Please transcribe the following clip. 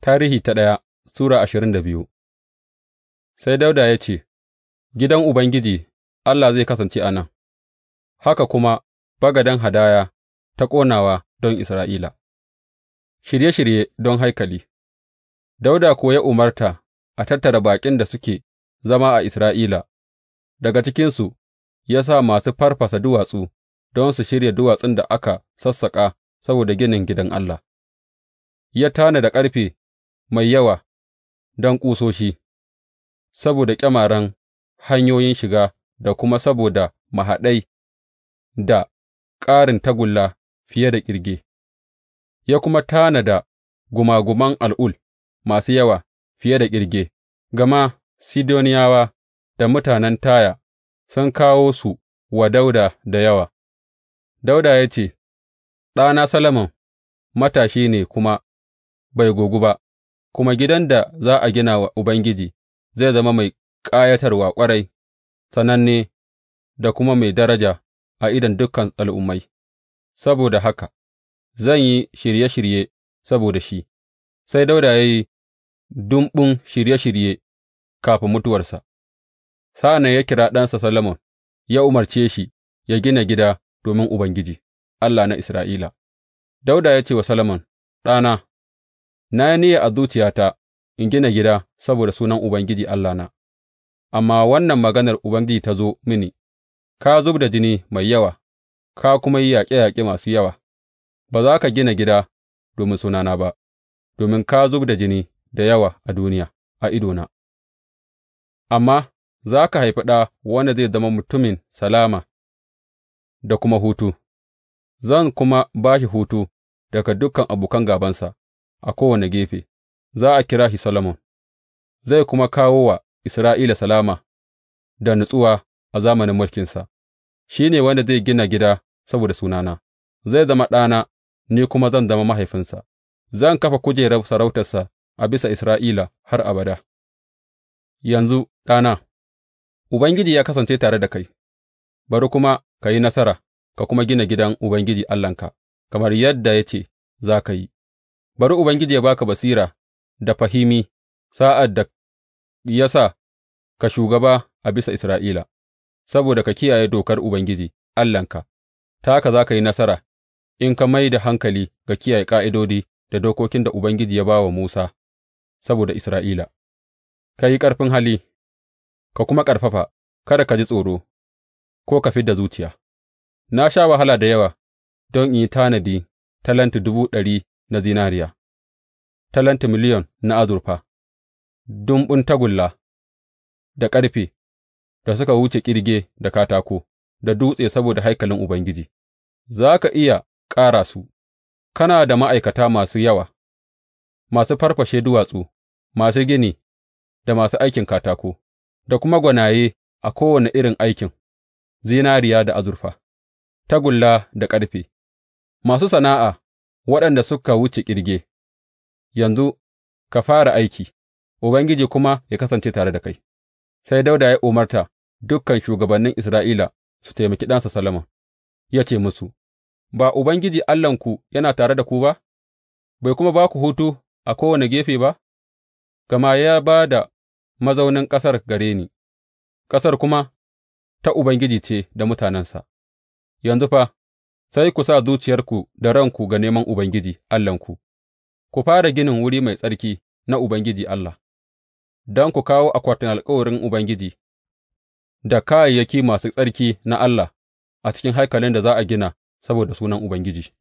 Tarihi ta ɗaya Sura ashirin da biyu Sai Dauda ya ce, Gidan Ubangiji Allah zai kasance a nan, haka kuma Bagadan hadaya ta ƙonawa don Isra'ila, shirye-shirye don haikali, Dauda kuwa ya umarta a tattara baƙin da suke zama a Isra'ila, daga cikinsu ya sa masu farfasa duwatsu don su shirya duwatsun da aka sassaƙa saboda ginin gidan Allah, ya tana da ƙarfe mai yawa don ƙusoshi, saboda ƙyamaren hanyoyin shiga da kuma saboda mahaɗai da ƙarin tagulla fiye da ƙirge, ya kuma tanada gumaguman al'ul masu yawa fiye da ƙirge, gama Sidoniyawa da mutanen Taya sun kawo su wa Dauda da yawa. Dauda ya ce, Ɗana Solomon matashi ne kuma bai gogu ba, kuma gidan da za a gina wa Ubangiji zai zama mai ƙayatarwa ƙwarai, sananne da kuma mai daraja a idon dukan al'ummai, saboda haka zan yi shirye-shirye saboda shi, sai Dauda ya yi dumɓun shirye-shirye kafin mutuwarsa, sa'an nan ya kira ɗansa Solomon ya umarce shi ya gina gida domin Ubangiji, Allah na Isra'ila. Dauda ya ce wa Solomon, ɗana, na yi niyya a zuciyata in gina gida saboda Sunan Ubangiji Allahna, amma wannan maganar Ubangiji ta zo mini, Ka zub da jini mai yawa, ka kuma yi yaƙe-yaƙe masu yawa, ba za ka gina gida domin Sunana ba, domin ka zub da jini da yawa a duniya a idona, amma za ka haifi ɗa wanda zai zama mutumin salama da kuma hutu, zan kuma ba shi hutu daga dukan abokan gabansa. a kowane gefe, za a kira shi Solomon, zai kuma kawo wa Isra'ila salama da nutsuwa a zamanin mulkinsa, shi ne wanda zai gina gida saboda sunana, zai zama ɗana, ni kuma zan zama mahaifinsa, zan kafa kujerar sarautarsa a bisa Isra'ila har abada. Yanzu, ɗana, Ubangiji ya kasance tare da kai, bari kuma ka yi nasara ka kuma gina gidan Ubangiji Allahnka, kamar yadda ya ce za ka yi. Bari Ubangiji ya ba ka basira da fahimi sa'ad da ya sa ka shugaba a bisa Isra'ila, saboda ka kiyaye dokar Ubangiji Allahnka, ta haka za ka yi nasara in ka mai da hankali ga kiyaye ƙa'idodi da dokokin da Ubangiji ya ba wa Musa saboda Isra'ila, ka yi ƙarfin hali, ka kuma ƙarfafa, kada ka ji tsoro ko ka fid da zuciya. Na sha wahala da yawa don in yi tanadi talenti dubu ɗari na zinariya, talenti miliyon na azurfa, dumbun tagulla da ƙarfe da suka wuce ƙirge da katako da dutse saboda haikalin Ubangiji, za ka iya ƙara su, kana da ma'aikata masu yawa, masu farfashe duwatsu, masu gini da masu aikin katako, da kuma gwanaye a kowane irin aikin, zinariya da azurfa, tagulla da ƙarfe, masu sana'a waɗanda suka wuce ƙirge, yanzu ka fara aiki, Ubangiji kuma ya kasance tare da kai. Sai Dauda ya umarta dukkan shugabannin Isra'ila su taimaki ɗansa salama. ya ce musu, Ba Ubangiji Allahnku yana tare da ku ba, bai kuma ba ku hutu a kowane gefe ba, gama ya ba da mazaunin ƙasar gare ni, ƙasar kuma ta Ubangiji ce da mutanensa, yanzu fa sai ku sa zuciyarku da ranku ga neman Ubangiji Allahnku, ku fara ginin wuri mai tsarki na Ubangiji Allah, don ku kawo akwatin alkawarin Ubangiji da kayayyaki masu tsarki na Allah a cikin haikalin da za a gina saboda Sunan Ubangiji.